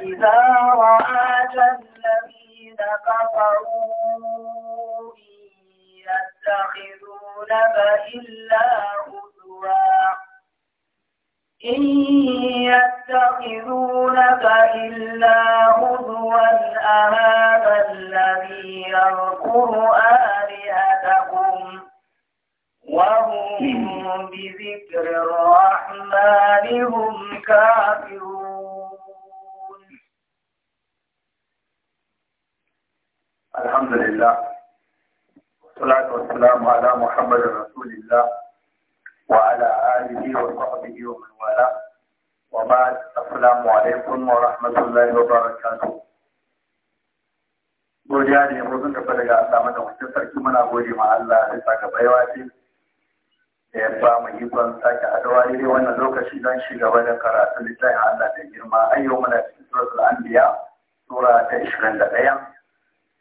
فإذا رآك الذين كفروا يتخذونك إلا هزوا إن يتخذونك إلا هزوا أهذا الذي يذكر آلهتكم وهم بذكر الرحمن هم كافرون الحمد لله والصلاة والسلام على محمد رسول الله وعلى آله وصحبه ومن والاه وبعد السلام عليكم ورحمة الله وبركاته godiya ne ko sun tafi daga Allah mata wancan sarki muna gode ma Allah da saka baiwa ce da ya ba mu ikon sake adawa ne wannan lokaci don shi gaba da karatu littafin Allah da girma ayyau muna cikin suratul anbiya sura ta 21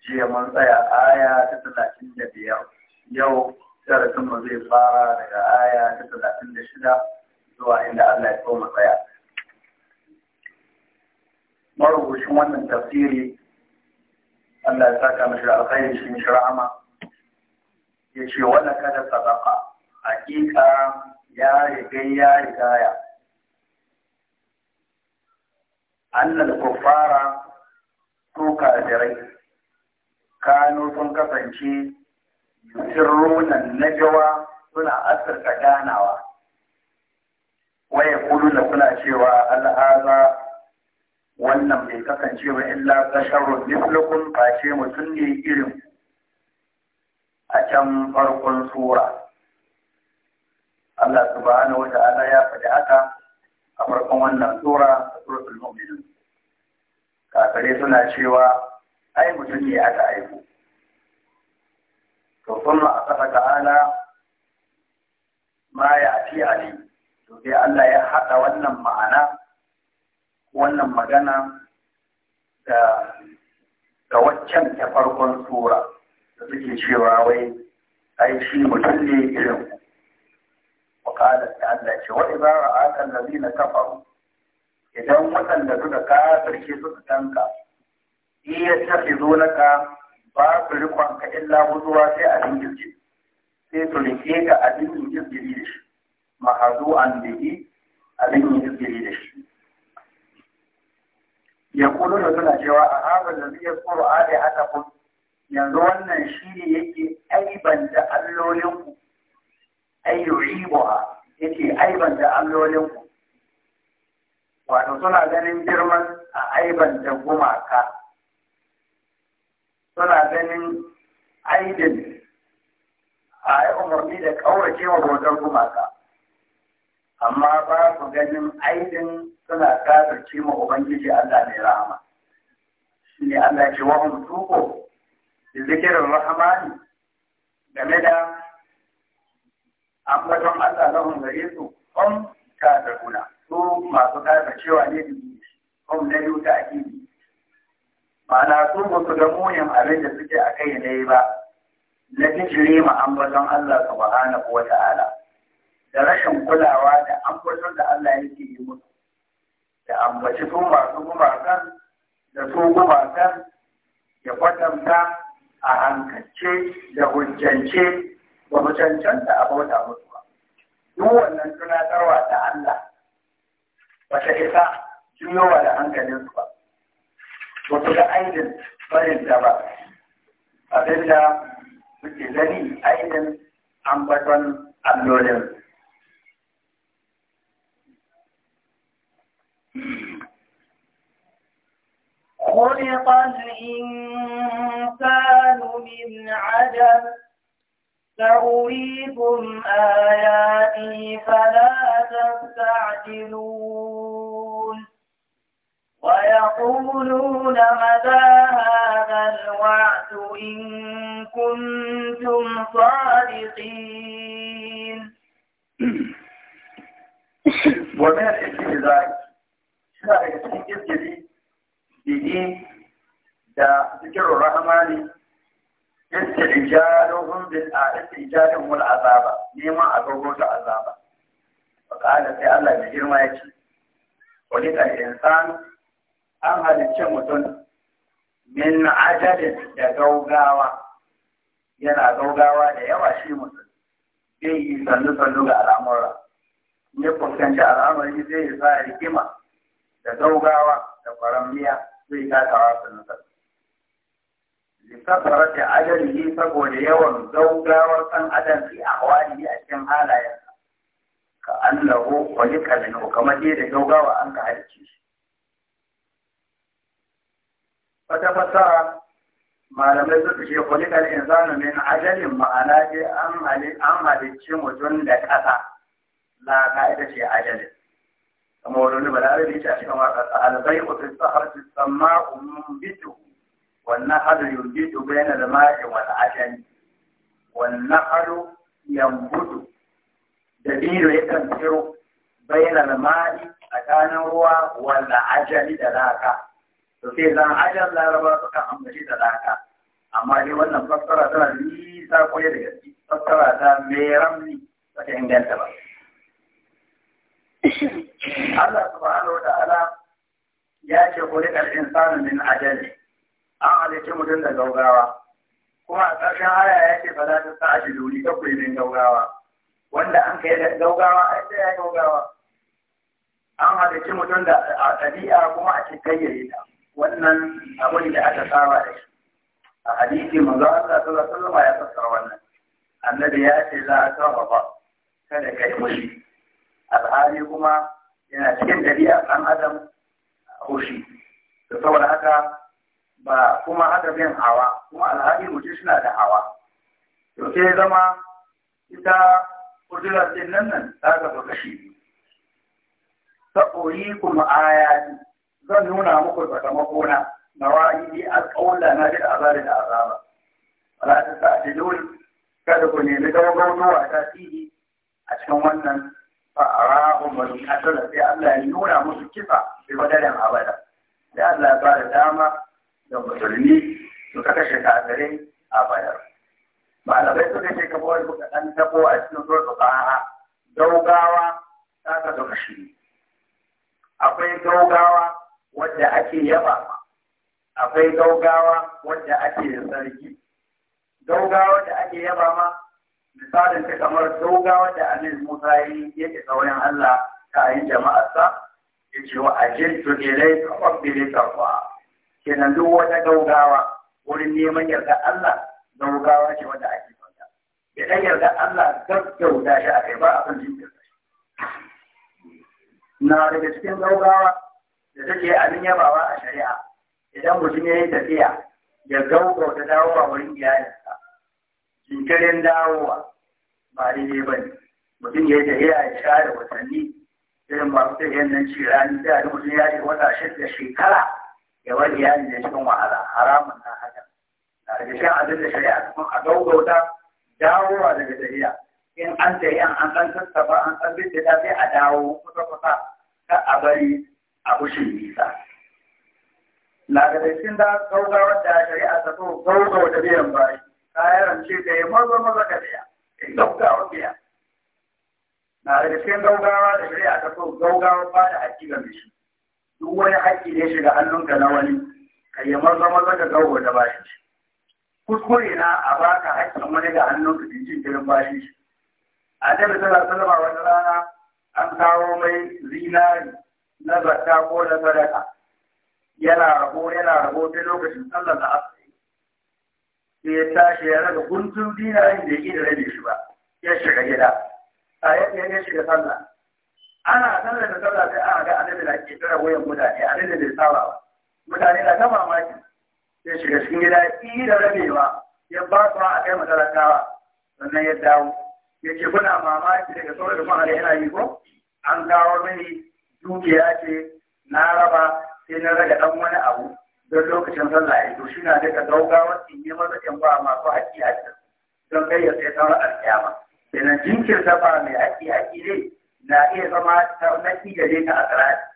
jiya mun tsaya aya ta talatin da biyar yau darasin mu zai fara daga aya ta talatin da shida zuwa inda Allah ya so mu tsaya marubucin wannan tafsiri Allah ya saka mishi alkhairi shi mishi rahama ya ce wannan kada sadaka hakika ya riga ya rigaya annal kuffara su kafirai kano sun kasance na Jawa suna asirka ganawa waya kuluna suna cewa al'aza wannan bai kasance ba illa basharun mislukum ba ce mutum ne irin a can farkon sura Allah subhanahu wa ta'ala ya faɗi haka a farkon wannan sura suratul mu'minun kakare suna cewa ai mutum ne aka aiko to kuma a saka ta'ala ma ya ati ali to dai Allah ya haɗa wannan ma'ana wannan magana da da waccan ta farkon sura da suke cewa wai ai shi mutum ne irin wa qala Allah ce wa idza ra'aka na kafaru idan waɗanda suka kafirce suka tanka iya tafi zo laka ba su rikon ka illa zuwa sai abin jirgi sai su rike ka abin yin jirgi da shi zo an yi abin yin jirgi da shi ya kudu da suna cewa a haɓar da zai tsoro a da haka kun yanzu wannan shi ne yake aibanta allolinku ayyuhibuha yake aibanta allolinku wato suna ganin girman a aibanta gumaka suna ganin aidin a yi umarni da kaurace wa bautar gumaka amma ba su ganin aidin suna kafirce ma ubangiji Allah mai rahama shi ne Allah ce wa hum tuko da zikirin rahamani game da ambaton Allah lahum gare su kasar guna su masu cewa ne da hum na yuta akidi ma'ana sun ba su ga munin abin da suke a kai ne ba na bijire ma ambaton Allah subhanahu wa ta'ala da rashin kulawa da ambaton da Allah yake yi musu da ambaci su masu kan da su kan ya kwatanta a hankalce da hujjance ba mu cancanta a bauta musu ba duk wannan tunatarwa ta Allah ba ta isa juyowa da hankalinsu ba to ta ga aidin barin ta ba abinda muke gani aidin ambaton allolin خلق الإنسان من عدم سأريكم آياتي فلا تستعجلون ويقولون متى هذا الوعد إن كنتم صادقين ومن الاستهزاء suna daga cikin izgiri bihi da zikirin rahmani istijaruhum bil istijaruhum wal azaba neman a gogo da azaba fa sai Allah mai girma ya ce wani kan insanu an halicce mutum min ajalin da gaugawa yana gaugawa da yawa shi mutum zai yi sannu-sannu ga al'amura ya fuskanci al'amari zai yi sa rikima da gaugawa da faramiya zai takawa sannu-sannu lisafarar da ajalihi saboda yawan gaugawar san adam fi ahwalihi a cikin halayensa ka an wa wani minhu kamar dai da gaugawa an ka halicce shi wata fassara malamai suka ce in insanu min ajalin ma'ana ce an halicci mutum da kasa, la ita ce ajalin kamar wani ne ce a cikin waƙar albai utu saharci samma umun bitu wannan hadu yurbitu bayan alma'i wal ajali wannan hadu yambutu da biro ya kan tsiro bayan alma'i tsakanin ruwa wal ajali da laka to sai zan ajiyar laraba suka ambaci sadaka amma dai wannan fassara tana nisa kwaye da gaske fassara ta mai ramni ba ta inganta ba Allah subhanahu wa ta'ala ya ce kuri ƙarfin samun min ajali an halicci mutum da gaugawa kuma a ƙarshen haya ya ce ba za ta sa aji duri ta kuri min gaugawa wanda an kai da gaugawa ai sai ya gaugawa an halicci mutum da a ɗabi'a kuma a cikin yayi ta wannan abin da aka saba da shi a hadisi manzo Allah sallallahu alaihi wasallam ya fassara wannan annabi ya ce za a ba. kada kai mushi alhali kuma yana cikin dabi'a ɗan adam hoshi da saboda haka ba kuma haka bin hawa kuma alhali mutum suna da hawa to sai zama ita kudurar din nan nan ta gaba kashi ta koyi kuma ayati zan nuna muku sakamako na na wa'idi alƙawla na da azabi da azaba wala ta ta'dilun kada ku nemi gaugautowa ta tihi a cikin wannan fa'arahu bani asala sai Allah ya nuna musu kifa bi wadarin abada sai Allah ya ba da dama da musulmi su ka kashe a bayar malamai suka ce kamar wani kuka ɗan tabo a cikin surtu ƙara gaugawa ta ka zama shi akwai dogawa wadda ake yaba akwai gaugawa wadda ake sarki. gaugawa da ake yaba ma misalin ta kamar gaugawa da anil musa yi yake tsawon Allah ta yin jama'arsa ya ce wa ajintu ilai ka ƙwabbili kwa. kenan duk wata gaugawa wurin neman yarda Allah gaugawa ce wanda ake fata idan yarda Allah gaggauta shi a kai ba a son jinkirta shi na daga cikin gaugawa da take abin yabawa a shari'a idan mutum ya yi tafiya ya gauko ta dawowa wurin iyayensa, jinkirin dawowa ba daidai ba ne mutum ya yi tafiya ya share watanni irin ba masu yi nan ce rani yi mutum ya yi wata shida shekara ya bar iyali da cikin wahala haramun na haka na daga shan abin da shari'a kuma a gaugauta dawowa daga tafiya in an yi an san sassafa an san bin da sai a dawo kusa kusa ta a bari a kushin nisa na da cikin da gaugawa da shari'a ta so gaugawa da biyan bayi kayan rance da ya mazo maza ka biya in gaugawa biya na da cikin gaugawa da shari'a ta so gaugawa ba da haƙƙi ga mishi. duk wani haƙƙi ne shiga hannunka na wani ka yi mazo maza ka gaugawa da bayan shi kuskure na a baka haƙƙin wani ga hannunka cikin jirin bayan shi a da sallallahu wata rana an kawo mai zinari na zakka ko na sadaka yana rabo yana rabo sai lokacin sallar da asiri sai ya tashi ya raga guntun dinarin da yake da rabe shi ba ya shiga gida a yadda ya shiga sallah ana sallar da sallah sai a ga annabi na ke tsara wayan mutane da bai saba ba mutane na ta mamaki sai shiga cikin gida yi da rabewa ya ba su a kai matalakawa sannan ya dawo ya ce kuna mamaki daga sauran da kuma yana yi ko an kawo mini dukiya ce na raba sai na rage dan wani abu don lokacin sallah ya to shi na daga gaugawa in yi masa in ba masu haƙi a cikin don kai ya sai sauran alƙiyama da na jinkin ba mai haƙi haƙi ne na iya zama na ƙidare ta a tsara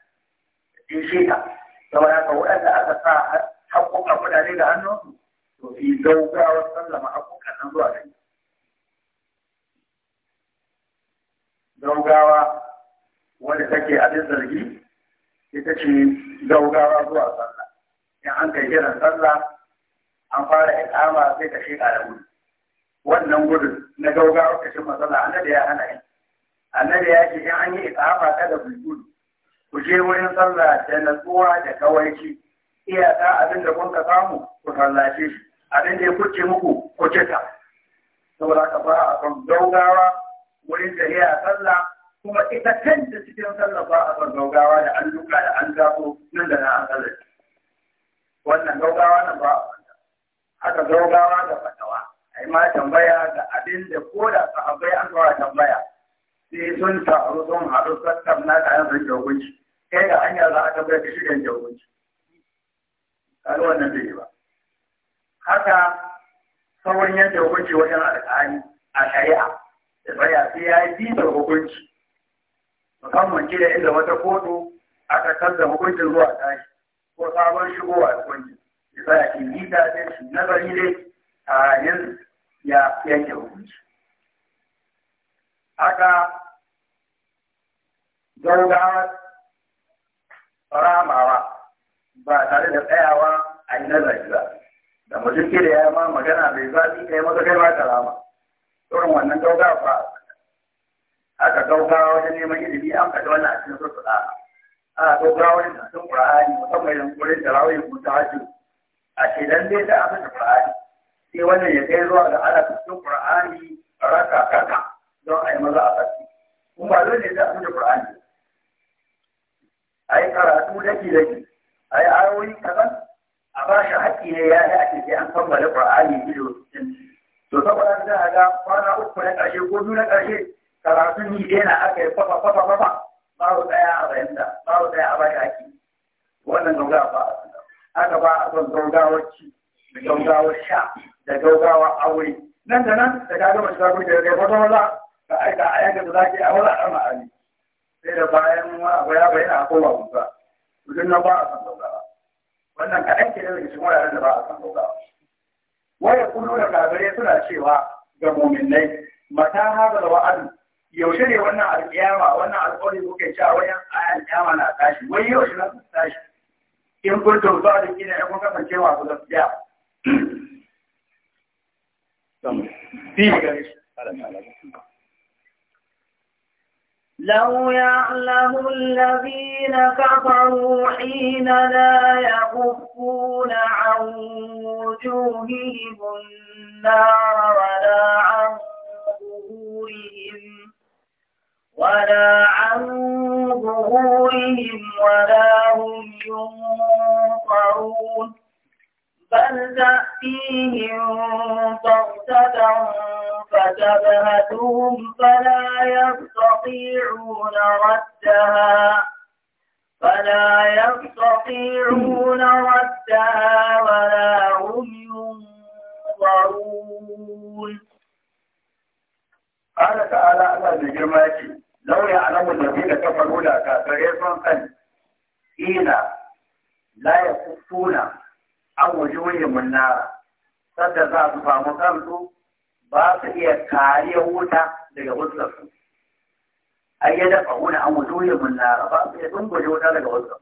in shi ta saboda ka waɗanda aka sa haƙoƙa kuɗaɗe da hannunsu to fi gaugawa sallama haƙoƙan nan zuwa gani gaugawa wanda take abin zargi ita ce gaugawa zuwa sallah in an kai kiran sallah an fara ikama sai ka shiga da gudu wannan gudun na gaugawa ka shin matsala annabi ya hana shi annabi ya ce in an yi ikama kada da gudu ku je wurin sallah da natsuwa da kawaici iyaka abin da kun ka samu ku sallace shi abin da ya kuce muku ku cika saboda ka fara a kan gaugawa wurin ya sallah kuma ita kanta cikin sallafa a kan gaugawa da an luka da an gafo nan da na an tsallaci wannan gaugawa nan ba a wanda haka gaugawa da fatawa a yi ma tambaya ga abin da ko da sahabbai an zuwa tambaya sai sun taru sun haɗu sassan na kayan sun jagunci kai da hanyar za a tambaya da shirin jagunci kaga wannan bai yi ba haka sauran yadda hukunci wajen alƙali a shari'a da bayan sai ya yi da hukunci musamman da inda wata kotu aka canza hukuncin zuwa tashi ko sabon shigowa a hukuncin ya sa ya gida da shi nazari dai a yin ya yanke hukunci Aka gaugawa ramawa ba tare da tsayawa a yi nazari ba da mutum ke da ya ma magana bai zafi ɗaya mata kai ma rama, tsoron wannan ba aka gaugawa wajen neman ilimi an kaɗa wannan a cikin sosai da a gaugawa na sun Qur'ani musamman ƙurin da ko ta hajji a ce dan dai da aka Qur'ani sai wannan ya kai zuwa ga ta sun Qur'ani raka kaka don a yi maza a ƙarfi kuma ba zai ne da aka Qur'ani a yi karatu daki daki a yi ayoyi kaɗan a ba shi haƙƙi ne ya yi ake sai an kammala Qur'ani ido to saboda za a ga kwana uku na ƙarshe ko biyu na ƙarshe karatun yi yana aka yi fafa fafa fafa babu daya a bayanta babu daya a baya ake wannan gaugawa ba a suna aka ba a son gaugawar ci da gaugawar sha da gaugawar aure nan da nan da ka gama shiga kuma da ya fata wala ka aika a yanka da za ki a wala a ma'ani sai da bayan abu ya bayyana a kowa kusa duk nan ba a son gaugawa wannan kaɗan ke daga cikin wuraren da ba a son gaugawa waya kullum da kafirai suna cewa ga mominai mata haɗa da wa'adu yaushe ne wannan alƙiyama wannan alƙawari kuke cewa wayan alƙiyama na tashi wai yaushe na tashi in kun tausa da kina in kun kasance wa ku gaskiya fi gare shi لو يعلم الذين كفروا حين لا يكفون عن وجوههم النار ولا عن ظهورهم ولا عن ظهورهم ولا هم ينقرون بل تأتيهم بغتة فتبهتهم فلا ya huta daga wasu ai ya dafa wani an wuto ya munna ba ya dungule wuta daga wasu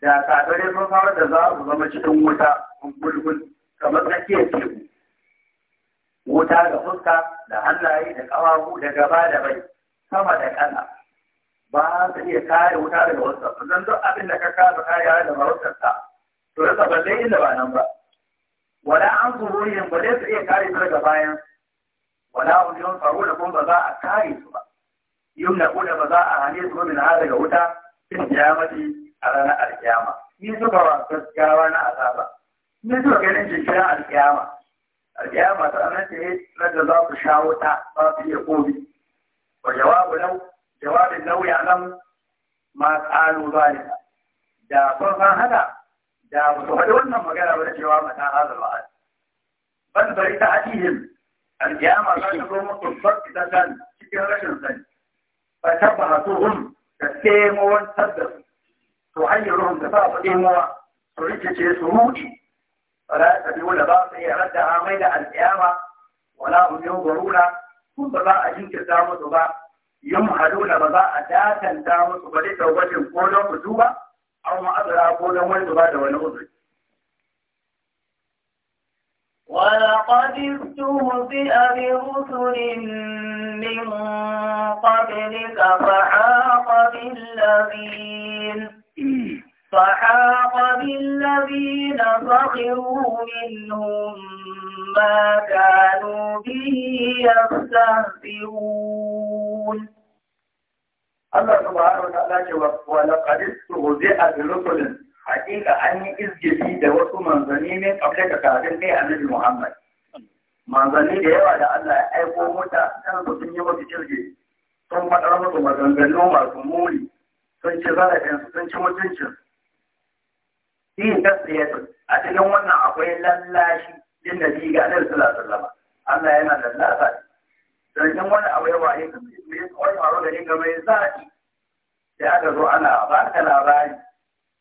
da kadare sun fara da za su zama cikin wuta kun bulbul kamar tsakiyar teku wuta da fuska da hannaye da ƙafafu da gaba da bai sama da ƙasa ba su iya kare wuta daga wasu zan zo abin da ka kasa kare da marutarsa to ya saba dai inda ba nan ba wala an yin ba dai su iya kare su daga bayan za a hane su min ha daga wuta in kiyamati a ranar alkiyama ni suka wa gaskiyawa na azaba ni suka ganin jinkirin alkiyama alkiyama ta ranar ce ranar za ku sha wuta ba su iya komi wa jawabu lau jawabin lau ya nan ma tsaro zalika da sun san haka da ba su faɗi wannan magana ba da cewa mata hazar ba'ad ban bari ta ajihim alkiyama za ta zo musu farki ta cikin rashin sani fatabahatuhum da taimawantar da su to hanyarhum da sa su taimawa su rikice su rudi fala tabiuna ba su iya radda amai da alƙiyama wala hum yunzuruna kun ba za a jinkirta musu ba yumhaduna ba za a datanta musu ba da wajen ko don fituba aw ma'azara ko don wani ba da wani uzuri ولقد استهزئ برسل من قبلك فحاق بالذين فحاق بالذين سخروا منهم ما كانوا به يستهزئون الله سبحانه وتعالى ولقد استهزئ برسل hakika an yi izgili da wasu manzanni min kabla da kafin kai annabi Muhammad manzanni da yawa da Allah ya aiko mota kan su sun yi musu kirge sun faɗa musu maganganu masu muni sun ci zarafin su sun ci mutuncin yin tasiriyatun a cikin wannan akwai lallashi din da bi ga annabi sallallahu alaihi wasallam Allah yana lallasa dan yin wani abu yawa ne kuma ya tsawon faru da ne game da zaki sai aka zo ana ba ka labari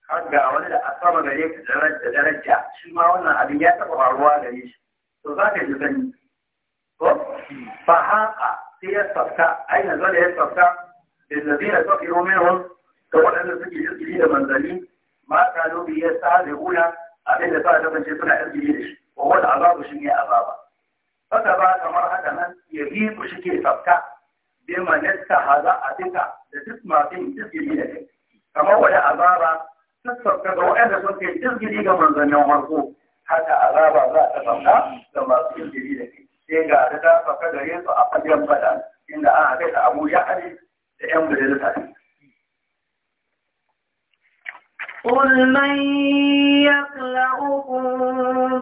har ga wani da asama gare ka daraja daraja shi ma wannan abin ya taɓa faruwa gare shi to za ka ji sani ko fa haka sai ya tsafta aina zala ya tsafta da zabira ta fi romero da waɗanda suke jirgin da manzanni ma ta lobi ya sa da hula abin da sa da bace suna jirgin da shi wa wani azabu shi ne azaba haka ba kamar haka nan ya yi ku shi ke tsafta bi manasta haza a duka da duk masu yin jirgin da kai kamar wani azaba sun sauka ga waɗanda sun kai jirgiri ga manzannin harko, haka azaba za ta sauka ga masu jirgiri da kai sai ga da ta sauka gare su a fagen bada inda ana kai ta abu ya da yan majalisa ne. قل من يخلقكم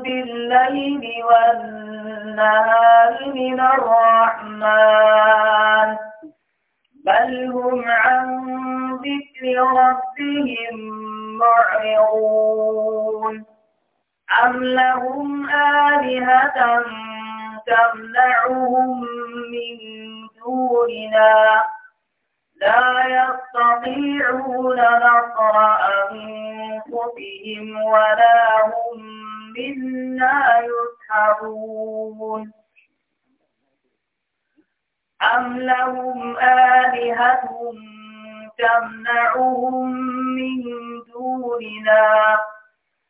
بالليل والنهار من الرحمن بل هم عن ذكر ربهم معرضون أم لهم آلهة تمنعهم من دوننا لا يستطيعون نصر أنفسهم ولا هم منا يسحبون أم لهم آلهة تمنعهم من دوننا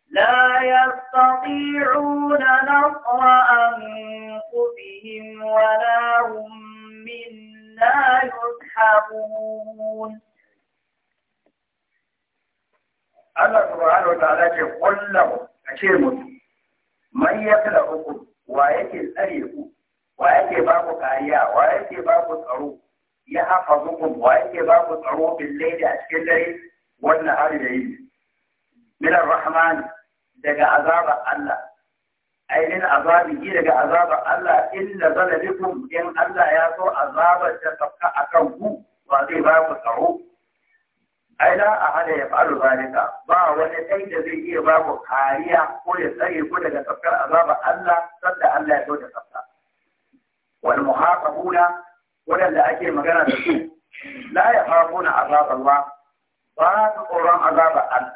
لا يستطيعون نصر أنفسهم ولا هم منا يسحبون Allah subhanahu wa ta'ala ce kullahu a ce mutu. man ya kula uku wa yake tsare ku wa yake ba ku kariya wa yake ba ku tsaro ya hafa muku wa yake ba ku tsaro bin laili a cikin dare wannan hari da yi minar rahman daga azabar Allah ainihin azabi daga azabar Allah in da in Allah ya so azabar ta tafka a kan ku ba zai ba ku tsaro ai a hada ya faru zalika ba wani ɗai da zai iya ba ku kariya ko ya tsare ku daga tafkar azabar Allah sanda Allah ya so ta tafka wal muhaqabuna waɗanda ake magana da su la ya fafo na azab Allah ba su tsoron azab Allah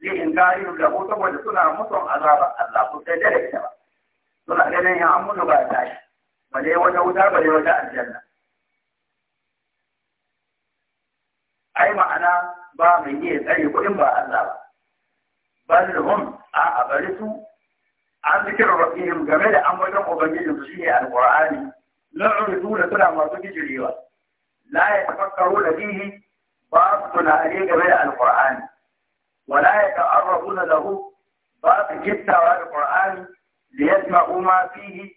zai in kari da ku saboda suna mutum azab Allah ku sai dare ta ba suna ganin ya an mutu ba ta shi bale wata wuta bale wata aljanna ai ma'ana ba mai yi tsare kuɗin ba Allah ba balhum a abarisu an zikirar rabbihim game da ambaton ubangijin su shine alqur'ani la'urduna suna masu bijirewa la ya tafakkaru da bihi ba su tunani game da alqur'ani wa la ya ta'arrafuna lahu ba su gittawa da qur'ani li yasma'u ma fihi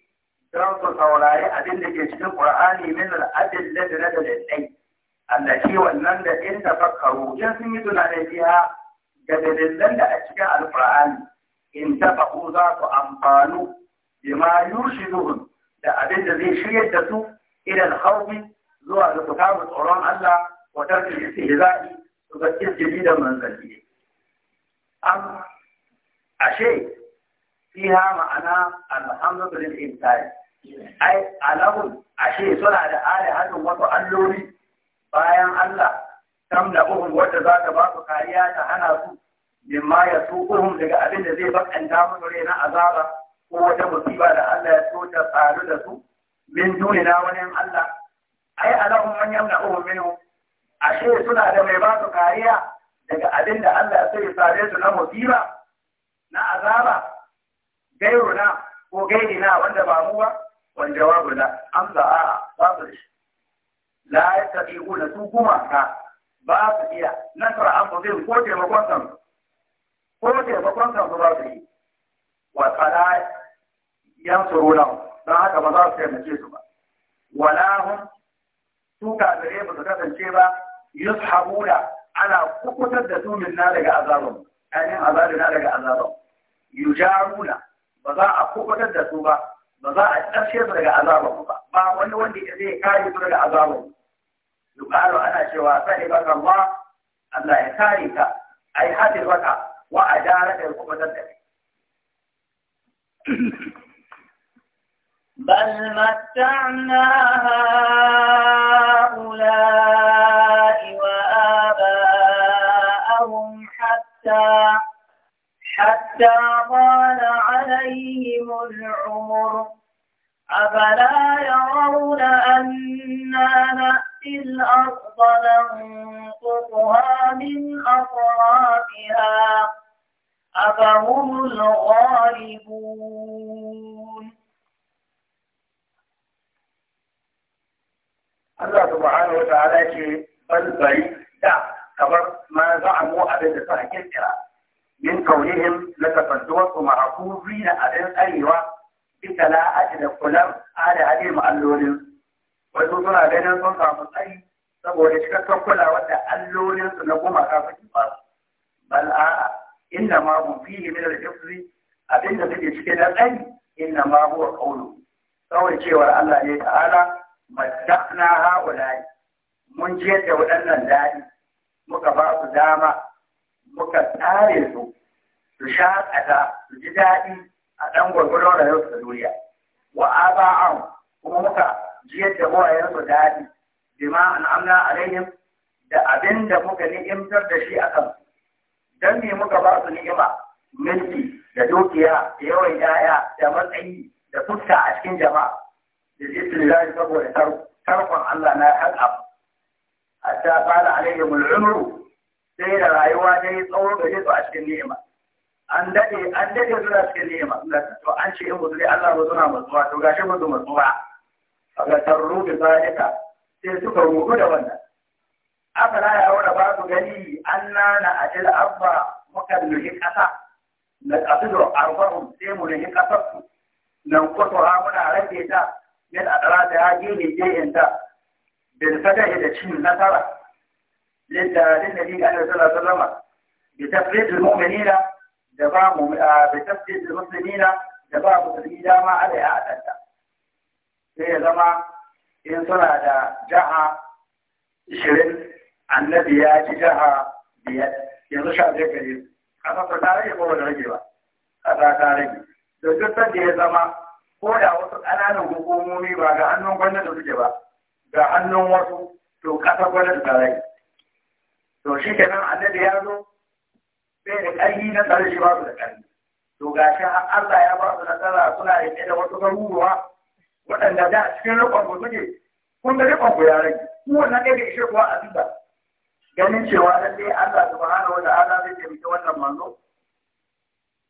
don su saurari abinda ke cikin ƙur'ani min al-adilla da dalilai allati wannan da in tafakkaru in sun yi tunani fiha ga dalilan da a cikin alqur'ani in tafaqu za su amfanu bima yushiduhum da abin da zai shiryar da su idan haubi zuwa ga fita mu tsoron Allah wa tarkin istihza'i su ga izini da manzanni am ashe fiha ma'ana alhamdu lil insani ai Alamun ashe suna da alihadin wasu alloli bayan Allah tamla uhum wadda za ta ba su kariya ta hana su mimma ya su daga abin da zai bakanta musu rai na azaba ko wata musiba da Allah ya so ta faru da su min duni na wani Allah ai alahum man yamna'uhum minhu ashe suna da mai ba su kariya daga abin da Allah sai ya sare su na musiba na azaba gairuna ko gairina wanda ba mu ba wal jawabu la amsa a babu shi la yastabi'una su kuma ka ba su iya nasara an ko taimakon kansu ko taimakon kansu ba su yi yansuruna don haka ba za su taimake su ba wala hum su kafirai ba su kasance ba yushabuna ana kukutar da su na daga azabun ainihin na daga azabun yujaruna ba za a kukutar da su ba ba za a ƙarshe su daga azabun ba ba wani wanda ya zai kare su daga azabun yuqalu ana cewa sai ba Allah Allah ya kare ka ai hadir baka wa adaraka kukutar da kai بل متعنا هؤلاء وآباءهم حتى حتى طال عليهم العمر أفلا يرون أنا نأتي الأرض ننقصها من أطرافها أفهم الغالبون Allah subhanahu wa ta'ala ce ban bari da kamar ma za mu abin da suka kirkira min kaunihim la tafadduwa kuma hakuzi na abin arewa bisa la ajda kulam ala hadil ma'allolin wasu suna ganin sun samu tsari saboda cikakken kulawa da allolin su na gumaka suke ba bal a'a inda ma hum fihi min al-hifzi abin da suke cike da tsari inna ma huwa qawlu kawai cewar Allah ne ta'ala mattaqna haulayi mun je da waɗannan daɗi muka ba su dama muka tsare su su shaƙata su ji daɗi a ɗan gwargwaron rayuwar su duniya wa an kuma muka jiyar da wayayen su daɗi bima an amna alaihim da abin da muka ni'imtar da shi a kan don ne muka ba su ni'ima mulki da dukiya da yawan yaya da matsayi da fuska a cikin jama'a da jikin lahi saboda tarkon Allah na haɗa a ta fara alayhi mul'umru sai da rayuwa ta yi tsawo da a cikin ni'ima an dade an dade suna cikin ni'ima to an ce in musulmi Allah ba suna matsuwa to gashi ba su matsuwa ga tarru da zalika sai suka rubu da wannan aka ya wada ba su gani an nana ajil abba na sai mu nuhi kasar nan muna rage ta yana rata ya gini jeyinta bin saka da cin nasara lidda linnabi ga annabi sallallahu alaihi wasallam bi tafrid almu'minina da ba mu bi tafrid almuslimina da ba dama ya sai ya zama in suna da jaha 20 annabi ya ci jaha biyar yanzu sha biyar gare su kasa ta rage ko da rage ba kasa ta rage da duk da ya zama ko da wasu ƙananan hukumomi ba ga hannun gwamnati suke ba ga hannun wasu to ƙasar gwamnati ta rai to shi ke kenan annabi ya zo sai da ƙarfi na tsare shi ba su da ƙarfi to ga shi Allah ya ba su nasara suna riƙe da wasu garuruwa waɗanda da cikin riƙon ku suke kun ga riƙon ku ya rage ku wannan ɗaya da ishe kuwa a duba ganin cewa lallai Allah subhanahu wa ta'ala zai taimaki wannan manzo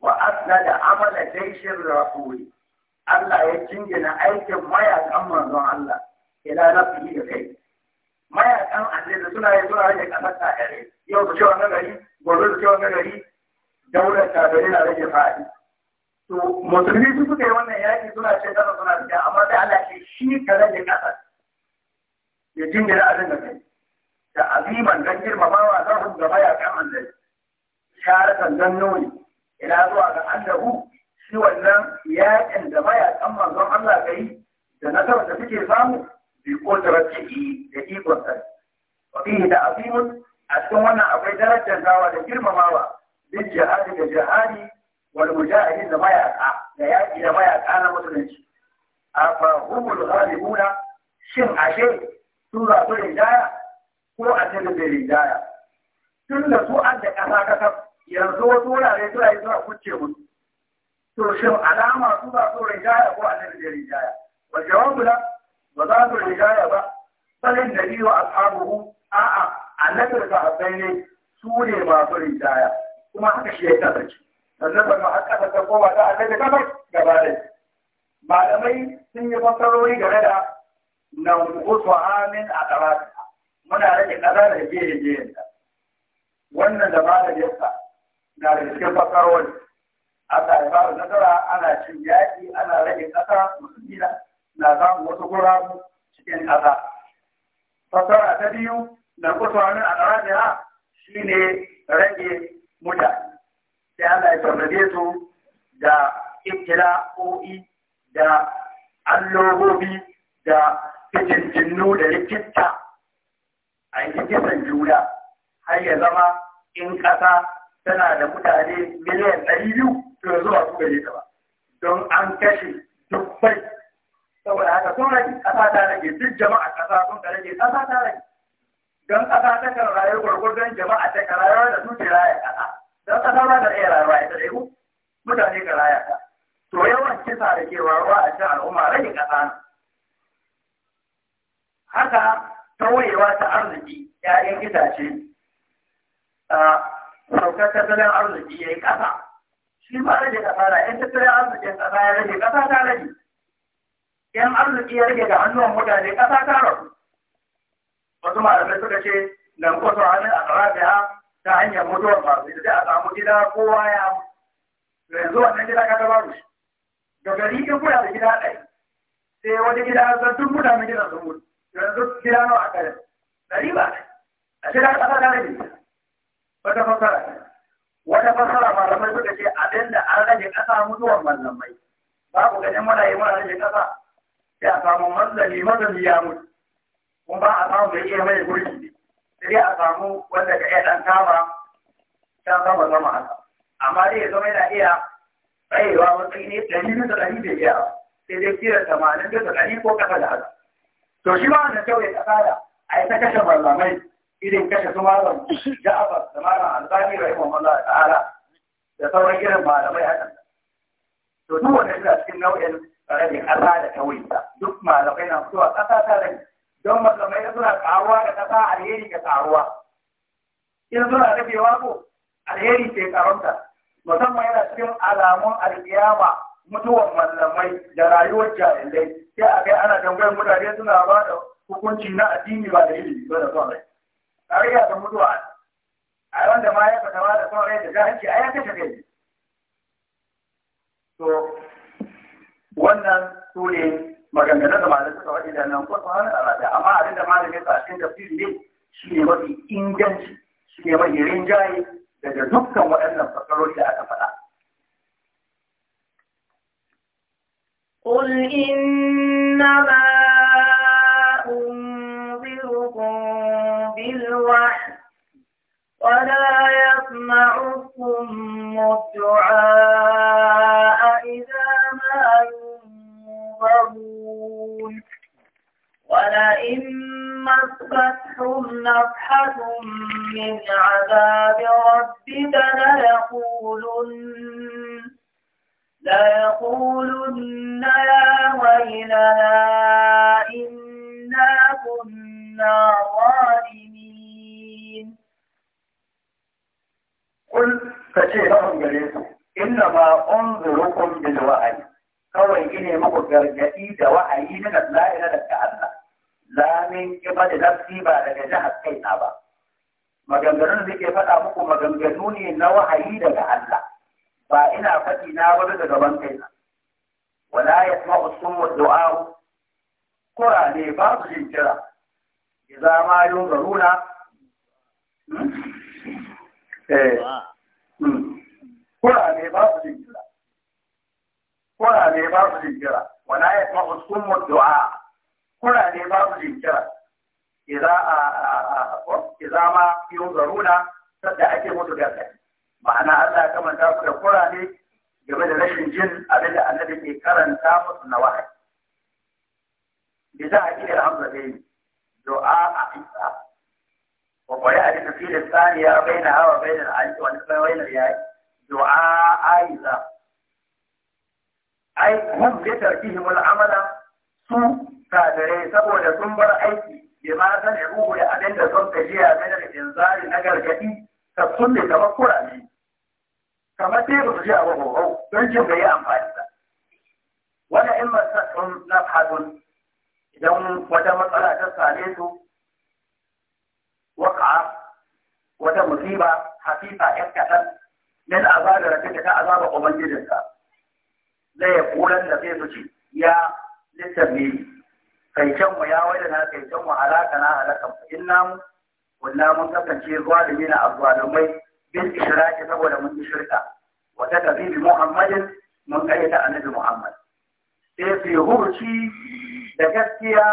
wa asna da amala jaishin rasuli Allah ya jingina aikin mayakan manzon Allah ila nafsihi da kai mayakan annabi suna yi suna rage kasar tare yau su ce na gari gobe su ce na gari daular tare na rage fadi to musulmi su suka yi wannan yaki suna ce kana suna da amma sai Allah ce shi ka rage kasa ya jingina abin da kai da aziman dan girmamawa za su ya mayakan annabi sharatan dan nuni ila zuwa ga annabi shi wannan yaƙin, da mayaƙan manzon Allah kai da nasarar da suke samu bi ko da ikon sa wa fihi da azimun a cikin wannan akwai darajar gawa da girmamawa duk jihadi da jihadi wal mujahidin da mayaka da yaki da mayaƙa na musulunci fa humul ghalibuna shin ashe su za su rinjaya ko a ce da rinjaya tun da su an da kasa kasa yanzu wasu wurare suna yi suna kuce musu to shin alama su ba su rijaya ko a da rijaya wa jawabu la ba za su rijaya ba salin nabi a ashabuhu a'a annabi da sahabbai ne su ne masu rijaya kuma haka shi ya kasance sannan ba har kasa ta kowa ta annabi gabas gaba da malamai sun yi fassarori game da nan gusu amin a karatu muna rage kaza da jiye jiyenta wannan da malam yasa na da cikin fassarori Allah ya fara nasara ana cin yaƙi ana rage ƙasa musulmi na samun wasu gurabu cikin ƙasa. Fasara ta biyu na kusurani a ƙaramiya shi ne rage mutane. Sai Allah ya tarbaje su da ibtila'o'i da allobobi da fitintinu da rikitta a yi juna har ya zama in ƙasa tana da mutane miliyan ɗari biyu to yanzu ba ku gare ba don an kashe dubbai saboda haka sun rage ƙasa ta rage duk jama'a ƙasa sun rage ƙasa ta rage don ƙasa ta kan rayu gwargwadon jama'a ta kan rayuwar da suke raya ƙasa don ƙasa ba da iya rayuwa ita da yiwu mutane ka raya ta to yawan kisa da ke waruwa a cikin al'umma rage ƙasa na haka tawayewa ta arziki ya ‘ya'yan A saukar tattalin arziki ya yi ƙasa shi ma rage kasara in tattalin arzikin kasa ya rage kasa ta rage yan arziki ya rage ga hannuwan mutane kasa ta rabu wasu malamai suka ce nan kwaso hannun a karabiya ta hanyar mutuwar masu ita a samu gida kowa ya yanzu wannan gida ka babu shi da gari in kuna da gida ɗaya sai wani gida zan duk mutane gidan sun mutu yanzu gida nawa a kare ɗari ba a gida ƙasa ta rage ba ta fassara wata fasara malamai suka ce abinda an rage ƙasa mutuwar mallamai babu ganin muna yi muna rage ƙasa sai a samu mazali mazali ya mutu kuma ba a samu mai iya mai gurki sai a samu wanda ka iya ɗan kama ta sama sama haka amma dai ya zama yana iya tsayewa matsayi ne ɗari da ɗari bai iya sai dai kira tamanin da ɗari ko ƙasa da haka to shi ma wannan kyau ya ƙasa da a yi ta kashe malamai irin kashe su malam Ja'far da malam Albani rahimahullah ta'ala da sauran irin malamai hakan to duk wanda yana cikin nau'in rage ƙasa da tawaita duk malamai na fitowa ƙasa ta rai don malamai suna karuwa da ƙasa alheri da karuwa. in suna rabewa ko alheri ke karunta musamman yana cikin alamun alƙiyama mutuwan malamai da rayuwar jahilai sai a kai ana tambayar mutane suna ba da hukunci na addini ba da ilimi ba da son rai tarayya da mutuwa a wanda ma ya fatawa da saurayi da jahanci a yanka shagai to wannan su ne maganganun da malamai ta waɗi da nan ko tsohon al'ada amma abin da malamai sa cikin tafsiri ne shi ne mafi inganci shi ne mafi rinjaye daga dukkan waɗannan fasarori da aka faɗa قل إنما ولا يسمع الصم الدعاء إذا ما ينظرون ولئن مستهم نفحة من عذاب ربك ليقولن ليقولن يا ويلنا إنا كنا ظالمين ka ce lahum gare su inna ma unzurukum bil wa'yi kawai ine muku gargadi da wa'ayi na la da illa Allah la min da nafsi ba daga jihar kaina ba maganganun da ke faɗa muku maganganu ne na wahayi daga Allah ba ina faɗi na ba daga gaban na. wala yasma'u wa du'a Kura ne ba su jin kira ma yunzaruna hmm? eh kurare ba su jin kira kurare ba su jin kira wala ya ma usummu du'a kurare ba su jin kira idza idza ma yunzaruna sadda ake mutu da kai. ma'ana Allah ka manta ku da kurare game da rashin jin abinda da annabi ke karanta musu na wahayi. Bisa a ƙirar hamza dai, do'a a isa, وقال وقراءة التفسير الثانية بينها وبين العلي وبين الياء دعاء أيضا أي هم لتركهم العمل سوء كافرين سبوة سنبر أيدي بما سمعوه لأبن سنتجيها من الإنذار نقل كتي كالسنة تبكر عليه kamar sai ba su ji abu hau don jin na halaka fa namu. mu mun kasance zuwa da da azzalumai bin ishiraki saboda mun ishirka shirka tafi bi muhammadin mun kai ta annabi muhammad sai su yi hurci da gaskiya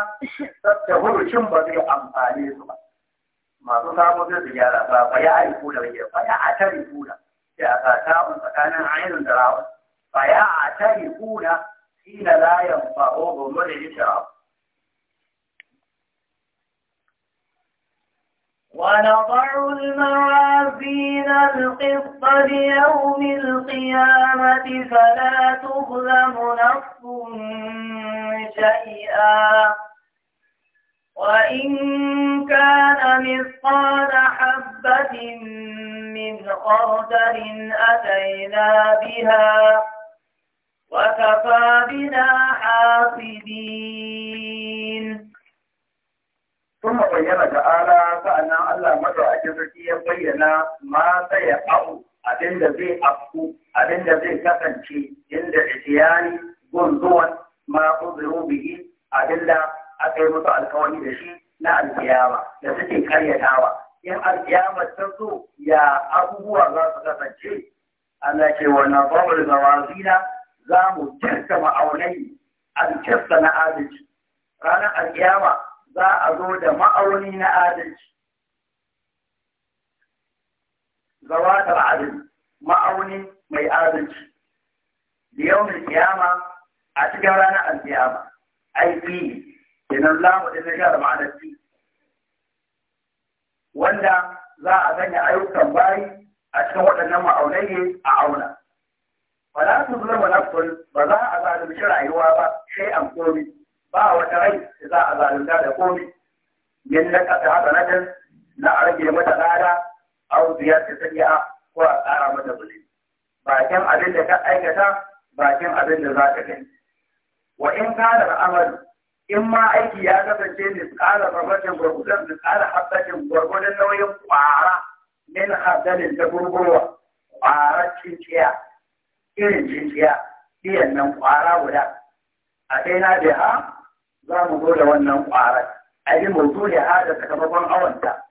da hurcin ba zai amfane su ba masu samun zai su gyara ba ba ya aiko da ba ya ko تظلم نفس شيئا وإن كان مثقال حبة من خردل أتينا بها وكفى بنا حافظين ثم بين تعالى فأنا الله مدعك فكي بينا ما سيقع abinda zai afku abinda zai kasance inda itiyani gunduwan ma bihi abinda aka yi musu alkawari da shi na alkiyama da suke karyatawa in alkiyama ta zo ya abubuwa za su kasance Allah ce wa nazarul mawazina za mu kirka ma'aunai alkirka na adalci ranar alkiyama za a zo da ma'auni na adalci zawatar adil ma'auni mai adalci da iyama kiyama a cikin ranar alkiyama aiki kenan lamu da ta shara ma'anar wanda za a sanya ayyukan bayi a cikin waɗannan ma'aunai a auna wala su zama nafsun ba za a zalunci rayuwa ba sai an komi ba wata rai da za a zalunta da komi yin na ƙasa na a rage mata tsada au ya ta sanya ko a tsara mata buli bakin abin da ka aikata bakin abin da za ka gani wa in kana amal in ma aiki ya kasance ne tsara rabatin gurgudan da tsara habbatin gurgudan nauyin kwara min habdalin da gurgurwa kwara cinciya irin cinciya biyan nan kwara guda a kai na biya. za mu zo da wannan kwarar a yi mutu da ha da sakamakon awanta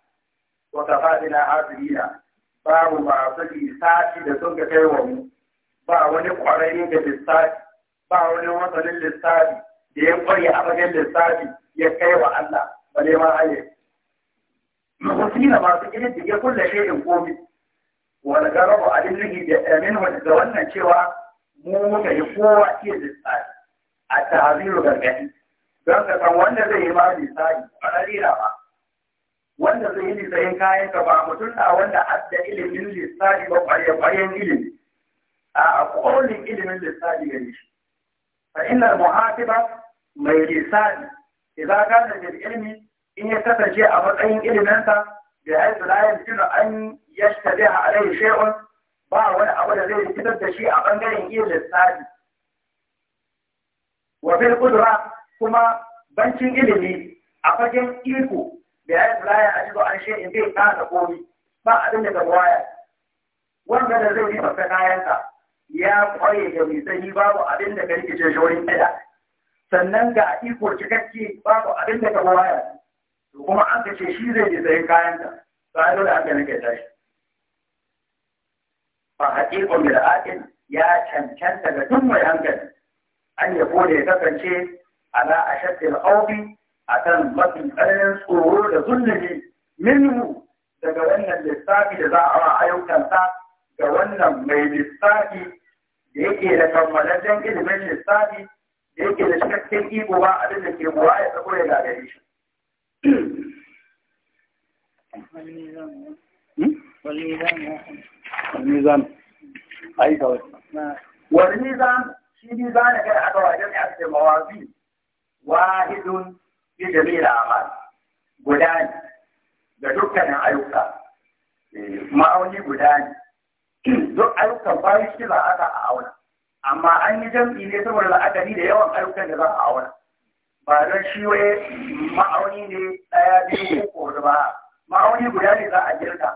wa kafa bina hasirina babu masu lissafi da sun ka kai wa mu ba wani ƙwararre da lissafi ba wani wasanin lissafi da ya ƙwarya a bakin lissafi ya kai wa Allah ba ne ma haye muhsina masu kididdi ya kulle shaidin komi wal garabu alillahi da min da wannan cewa mu muka yi kowa iya lissafi a tahziru gargadi don ka san wanda zai yi ma lissafi ba na ba wanda zai yi sayan kayan ka ba mutum da wanda adda ilimin lissafi ba kwaye kwayen ilimi a kolin ilimin lissafi gare shi fa inna muhasiba mai lissafi idza kana bil ilmi in ya kasance a matsayin iliminsa da ya yi layan tuna an yashtabe a alai shay'un ba wani abu da zai fitar da shi a bangaren iya lissafi wa bil qudra kuma bancin ilimi a fagen iko bayan laya a jiba an shi in bai kasa komi ba abin da waya wanda da zai riba ta kayanka ya kwaye da mai sani babu abin da ka rikice shi wurin kida sannan ga iko cikakke babu abin da waya to kuma an ka ce shi zai je sayan kayanka ba dole aka nake tashi fa haqiqun bil aqil ya cancanta ga duk mai hankali an ya kode ya kasance ala ashaddi al-awbi akan mafi tsananin tsoro da zulmi minhu daga wannan lissafi da za a wa ayyukansa ga wannan mai lissafi da yake da kammalallen ilimin lissafi da yake da cikakken iko ba abin da ke buwa ya tsako ya gagare shi. Walmizan. Ai kawai. Walmizan shi ne zane kai aka wajen ya ce mawazi wahidun fi jami'il amal guda ne ga dukkanin ayyuka eh, ma'auni guda ne duk ayyukan bayan shi ba aka a auna amma an yi jam'i ne saboda la'akari da yawan ayyukan da za a auna ba don shi ma'auni ne ɗaya biyu ko hudu ba ma'auni guda ne za a girka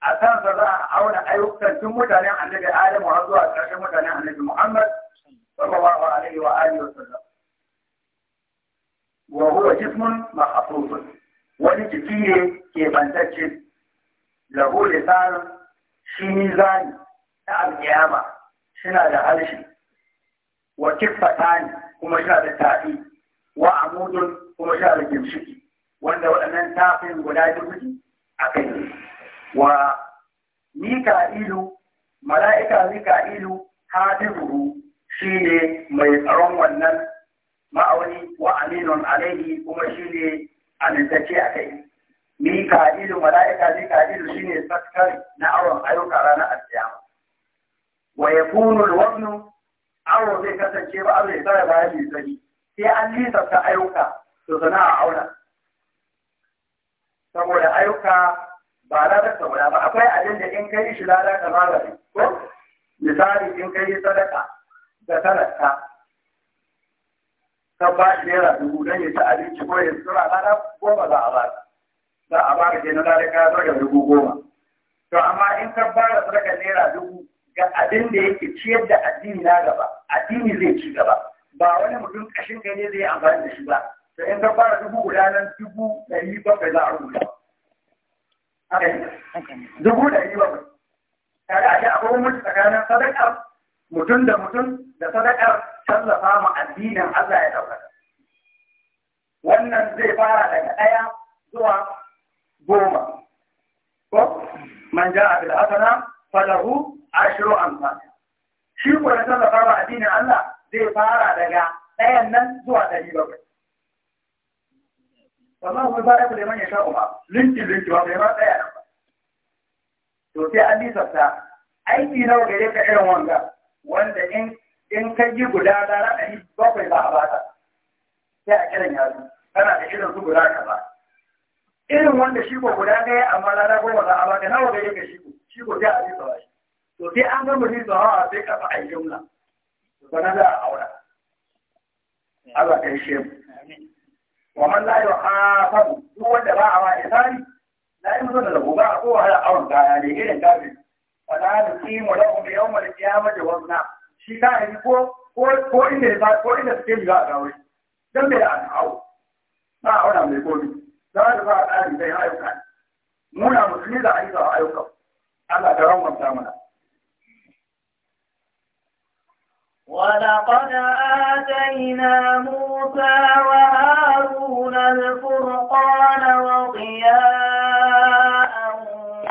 a kansa za a auna ayyukan tun mutanen annabi Adamu har zuwa ƙarshen mutanen annabi Muhammad sallallahu alaihi wa alihi wa sallam wa huwa jismun wani jiki ne ke bantacce lahu lisan shi mizani ta alkiyama shina da harshe wa kiffatani kuma shina da tafi wa amudun kuma shina da gimshiki wanda waɗannan tafin guda biyu a kai wa mika'ilu mala'ika mika'ilu hadiruhu shi ne mai tsaron wannan ma'auni wa aminun alaihi kuma shi ne amintacce a kai Mi ilu mala'ika shi shine saskar na awon ayyuka ranar asiya. wa ya da alwaznu awo zai kasance ba ya tsara ba ya sani? sai an lisafta ayyuka su zana a auna saboda ayyuka ba na da saboda ba akwai abin da in kai shi lada ka magani ko misali in kai sadaka da talaka ta ba shi naira dubu don ya ci abinci ko ya tura rana goma za a ba baka za a ba baka ke na lalai ka sarka dubu goma to amma in ka ba da sarka naira dubu ga abin da yake ciyar da addini na gaba addini zai ci gaba ba wani mutum kashin gani zai yi amfani da shi ba to in ka fara dubu guda nan dubu ɗari bakwai za a rubuta dubu ɗari bakwai kaga a ce akwai mutu tsakanin sadaka mutum da mutum da sadakar tallafa ma addinin Allah ya ɗaukaka. Wannan zai fara daga ɗaya zuwa goma. Ko, man ja a asana falahu ashru amsa. Shi ko da tallafa ma addinin Allah zai fara daga ɗayan nan zuwa ɗari bakwai. Wallahu ba fara da man ya sha ba, linki linki ba bai ma ɗaya nan ba. To sai an nisanta aiki nawa gare ka irin wanga wanda in in ka yi guda da raɗari bakwai ba a ba ta, sai a kiran yaro kana da irin su guda ba irin wanda shi ko guda ɗaya amma rana goma za a ta nawa gare ka shi ko shi ko sai a rika shi to sai an gama rika a sai kafa a yi jumla to bana za a aura Allah ta yi shi wa man la yu'afabu duk wanda ba a wa isani la yuzuna lahu ba a kowa har auren kaya ne irin kafin wala nuqimu lahum yawm al-qiyamati wazna shi ka yi ko ko inda ba ko inda suke yi a gawo dan bai an hawo ba aura mai gobe za da ba a da ayyuka muna musulmi da ayyuka ayyuka Allah da rahmar ta mana ولقد آتينا موسى وهارون الفرقان وضياء